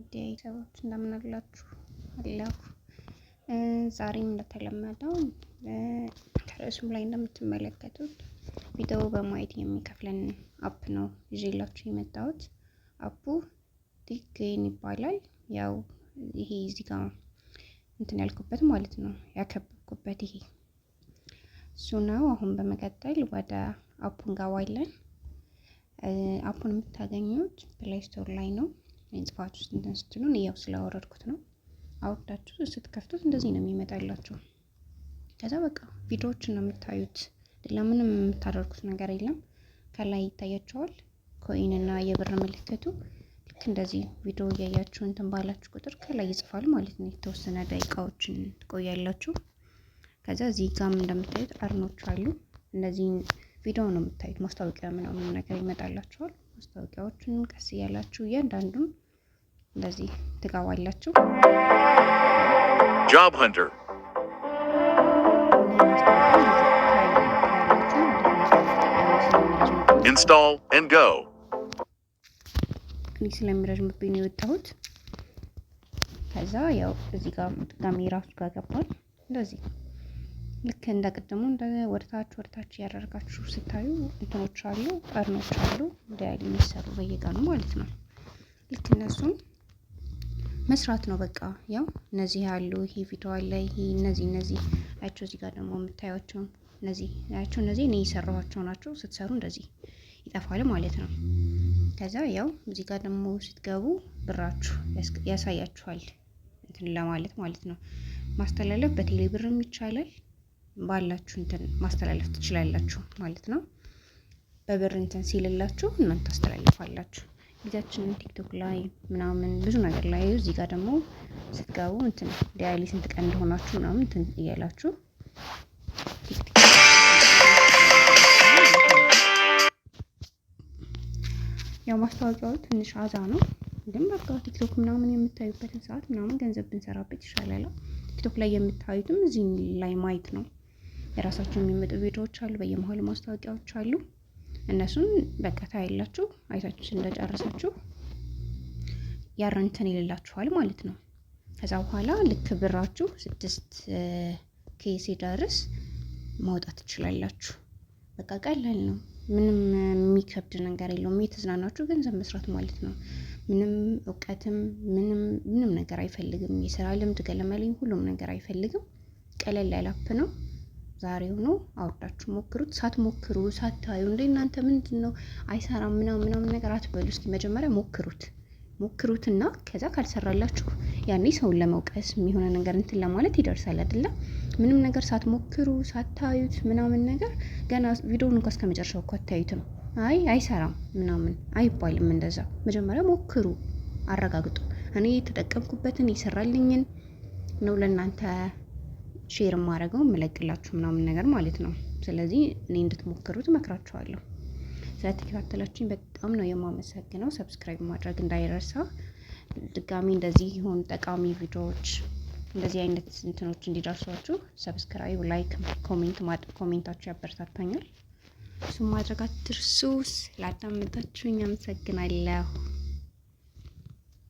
ጉዳይ ሰዎች እንደምናላችሁ አለሁ። ዛሬም እንደተለመደው ከርዕሱም ላይ እንደምትመለከቱት ቪዲዮ በማየት የሚከፍለን አፕ ነው ይዤላችሁ የመጣሁት። አፑ ቲክን ይባላል። ያው ይሄ እዚህ ጋር እንትን ያልኩበት ማለት ነው ያከበብኩበት ይሄ እሱ ነው። አሁን በመቀጠል ወደ አፑ እንገባለን። አፑን የምታገኙት ፕሌይ ስቶር ላይ ነው። እንጽፋችሁ እንትን ስትሉ ያው ስላወረድኩት ነው። አውርዳችሁ ስትከፍቱት እንደዚህ ነው የሚመጣላችሁ። ከዛ በቃ ቪዲዮዎችን ነው የምታዩት። ሌላ ምንም የምታደርጉት ነገር የለም። ከላይ ይታያቸዋል ኮይን እና የብር ምልክቱ። ልክ እንደዚህ ቪዲዮ እያያችሁ እንትን ባላችሁ ቁጥር ከላይ ይጽፋል ማለት ነው። የተወሰነ ደቂቃዎችን ትቆያላችሁ። ከዛ እዚህ ጋም እንደምታዩት አርኖች አሉ እነዚህን ቪዲዮ ነው የምታዩት። ማስታወቂያ ምናምን ነገር ይመጣላችኋል። ማስታወቂያዎችን ቀስ እያላችሁ እያንዳንዱን እንደዚህ ትገባላችሁ። ጆብ ሀንተር ኢንስታል ኤንድ ጎ እኔ ስለሚረጅምብኝ ነው የወጣሁት። ከዛ ያው እዚህ ጋር ድጋሜ ራሱ ጋር ገባል እንደዚህ ልክ እንደ ቅድሙ እንደ ወደታች ወደታች እያደረጋችሁ ስታዩ እንትኖች አሉ፣ ቀርኖች አሉ ዳያል የሚሰሩ በየቀኑ ማለት ነው። ልክ እነሱም መስራት ነው በቃ። ያው እነዚህ ያሉ ይሄ ፊቷ አለ ይሄ እነዚህ እነዚህ አያቸው። እዚህ ጋር ደግሞ የምታያቸው እነዚህ አያቸው፣ እነዚህ እኔ የሰራኋቸው ናቸው። ስትሰሩ እንደዚህ ይጠፋል ማለት ነው። ከዛ ያው እዚህ ጋር ደግሞ ስትገቡ ብራችሁ ያሳያችኋል እንትን ለማለት ማለት ነው። ማስተላለፍ በቴሌ ብርም ይቻላል ባላችሁ እንትን ማስተላለፍ ትችላላችሁ ማለት ነው። በብር እንትን ሲልላችሁ እናንተ ታስተላልፋላችሁ። ጊዜያችንን ቲክቶክ ላይ ምናምን ብዙ ነገር ላይ እዚህ ጋር ደግሞ ስትገቡ እንትን ዲያሊ ስንት ቀን እንደሆናችሁ ምናምን እንትን እያላችሁ ያው ማስታወቂያው ትንሽ አዛ ነው፣ ግን በቃ ቲክቶክ ምናምን የምታዩበትን ሰዓት ምናምን ገንዘብ ብንሰራበት ይሻላል። ቲክቶክ ላይ የምታዩትም እዚህ ላይ ማየት ነው። የራሳቸው የሚመጡ ቪዲዮዎች አሉ፣ በየመሀሉ ማስታወቂያዎች አሉ። እነሱን በቃ ታያላችሁ። አይታችሁ እንደጨረሳችሁ ያረንትን ይልላችኋል ማለት ነው። ከዛ በኋላ ልክ ብራችሁ ስድስት ኬስ ደርስ ማውጣት ትችላላችሁ። በቃ ቀላል ነው። ምንም የሚከብድ ነገር የለውም። የተዝናናችሁ ገንዘብ መስራት ማለት ነው። ምንም እውቀትም ምንም ምንም ነገር አይፈልግም። የስራ ልምድ ገለመለኝ ሁሉም ነገር አይፈልግም። ቀለል ያለ አፕ ነው። ዛሬውኑ አውርዳችሁ ሞክሩት። ሳትሞክሩ ሳታዩ እንደ እናንተ ምንድን ነው አይሰራም ምናምን ምናምን ነገር አትበሉ። እስኪ መጀመሪያ ሞክሩት ሞክሩትና ከዛ ካልሰራላችሁ ያኔ ሰውን ለመውቀስ የሚሆነ ነገር እንትን ለማለት ይደርሳል አይደለም። ምንም ነገር ሳትሞክሩ ሳታዩት ምናምን ነገር ገና ቪዲዮውን እንኳ እስከ መጨረሻው እኮ አታዩትም። አይ አይሰራም ምናምን አይባልም እንደዛ። መጀመሪያ ሞክሩ፣ አረጋግጡ። እኔ የተጠቀምኩበትን ይሰራልኝን ነው ለእናንተ ሼር ማድረገው የምለቅላችሁ ምናምን ነገር ማለት ነው። ስለዚህ እኔ እንድትሞክሩት እመክራችኋለሁ። ስለተከታተላችሁኝ በጣም ነው የማመሰግነው። ሰብስክራይብ ማድረግ እንዳይረሳ። ድጋሚ እንደዚህ የሆኑ ጠቃሚ ቪዲዮዎች እንደዚህ አይነት እንትኖች እንዲደርሷችሁ ሰብስክራይብ፣ ላይክ፣ ኮሜንት ኮሜንታችሁ ያበረታታኛል። እሱም ማድረግ አትርሱ። ስላዳመጣችሁኝ አመሰግናለሁ።